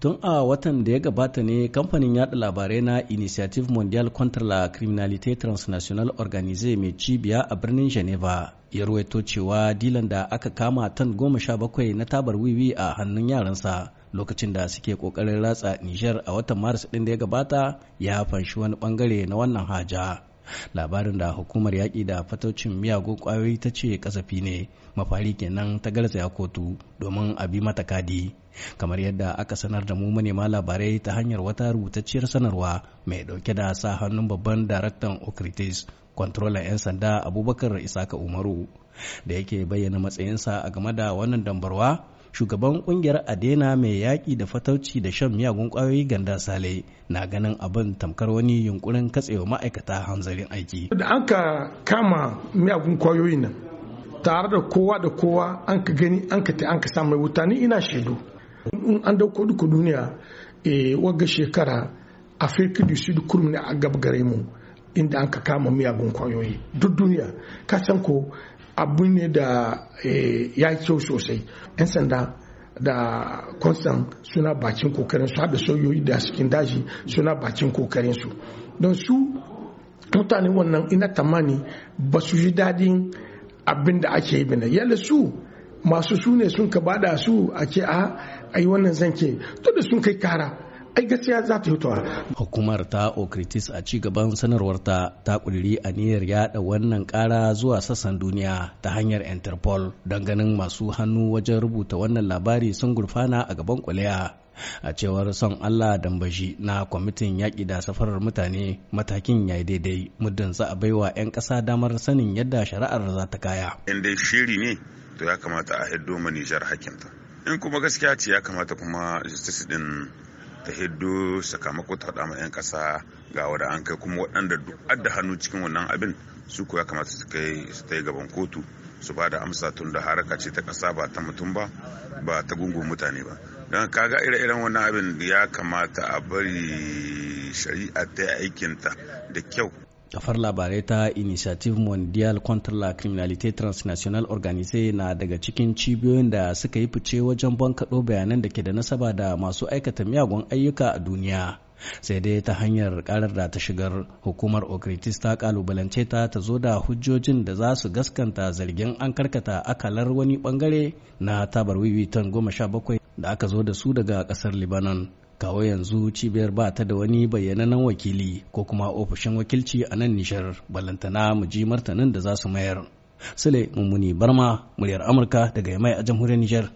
tun a watan da ya gabata ne kamfanin yada labarai na initiative mondial contra la criminalité transnational organisé mai cibiya a birnin geneva ya ruwaito cewa dilan da aka kama tan goma sha bakwai na tabar wiwi a hannun yaransa lokacin da suke kokarin ratsa niger a watan maris din da ya gabata ya fanshi wani bangare na wannan haja labarin da hukumar yaƙi da fatocin miyagun ƙwayoyi ta ce kasafi ne mafari kenan ta garzaya kotu domin a bi mata kadi kamar yadda aka sanar da mu manema labarai ta hanyar wata rubutacciyar sanarwa mai ɗauke da sa hannun babban daraktan okritis kwantrolan 'yan sanda abubakar isaka umaru da yake bayyana matsayinsa a game da wannan dambarwa shugaban kungiyar adena mai yaƙi da fatauci da shan miyagun ƙwayoyi ganda sale na ganin abin tamkar wani yunkurin katsewa ma'aikata hanzarin aiki da an ka kama miyagun ƙwayoyi nan tare da kowa da kowa an ka gani an ka an ka samu wuta ni ina shaidu in an dauko duka duniya eh, wagga shekara afirka da su da ne a gab gare mu inda an ka kama miyagun kwayoyi duk duniya ka san ko abu ne da eh, ya kyau sosai 'yan sanda da constant suna bakin kokarin su haɗa soyoyi da cikin daji suna bakin kokarin su don su mutane wannan ina tamani ba su ji dadin abin da ake yi bane yalla su masu su ne sun ka bada su a ce a yi wannan zanke to da sun kai kara ai gaskiya za ta fitowa hukumar ta okritis a ci gaban sanarwarta ta a aniyar yada wannan kara zuwa sassan duniya ta hanyar interpol don ganin masu hannu wajen rubuta wannan labari sun gurfana a gaban kuliya a cewar son Allah dambashi na kwamitin yaƙi da safarar mutane matakin ya daidai muddin za a baiwa 'yan ƙasa damar sanin yadda shari'ar za ta kaya. In dai shiri ne to ya kamata a hiddo manijar hakinta. In kuma gaskiya ce ya kamata kuma justice din ta hiddo sakamako ta hada ma 'yan ƙasa ga wada an kai kuma waɗanda duk adda hannu cikin wannan abin su kuwa ya kamata su kai su ta gaban kotu su ba da amsa tun da haraka ce ta kasa ba ta mutum ba ba ta gungun mutane ba don kaga ire-iren wannan abin ya kamata a bari shari'a ta aikinta da kyau kafar labarai ta initiative mondial contre la criminalité transnationale organisée na daga cikin cibiyoyin da suka yi fice wajen bankaɗo bayanan da ke da nasaba da masu aikata miyagun ayyuka a duniya sai dai ta hanyar karar da ta shigar hukumar okritis ta kalubalance ta ta zo da hujjojin da za su gaskanta zargin an karkata akalar wani bangare na tabar wiwitan goma sha bakwai da aka zo da su daga kasar libanon kawo yanzu cibiyar ba ta da wani bayyananan wakili ko kuma ofishin wakilci a nan nishar balantana mu ji martanin da za su mayar sule mummuni barma muryar amurka daga yamai a jamhuriyar nijar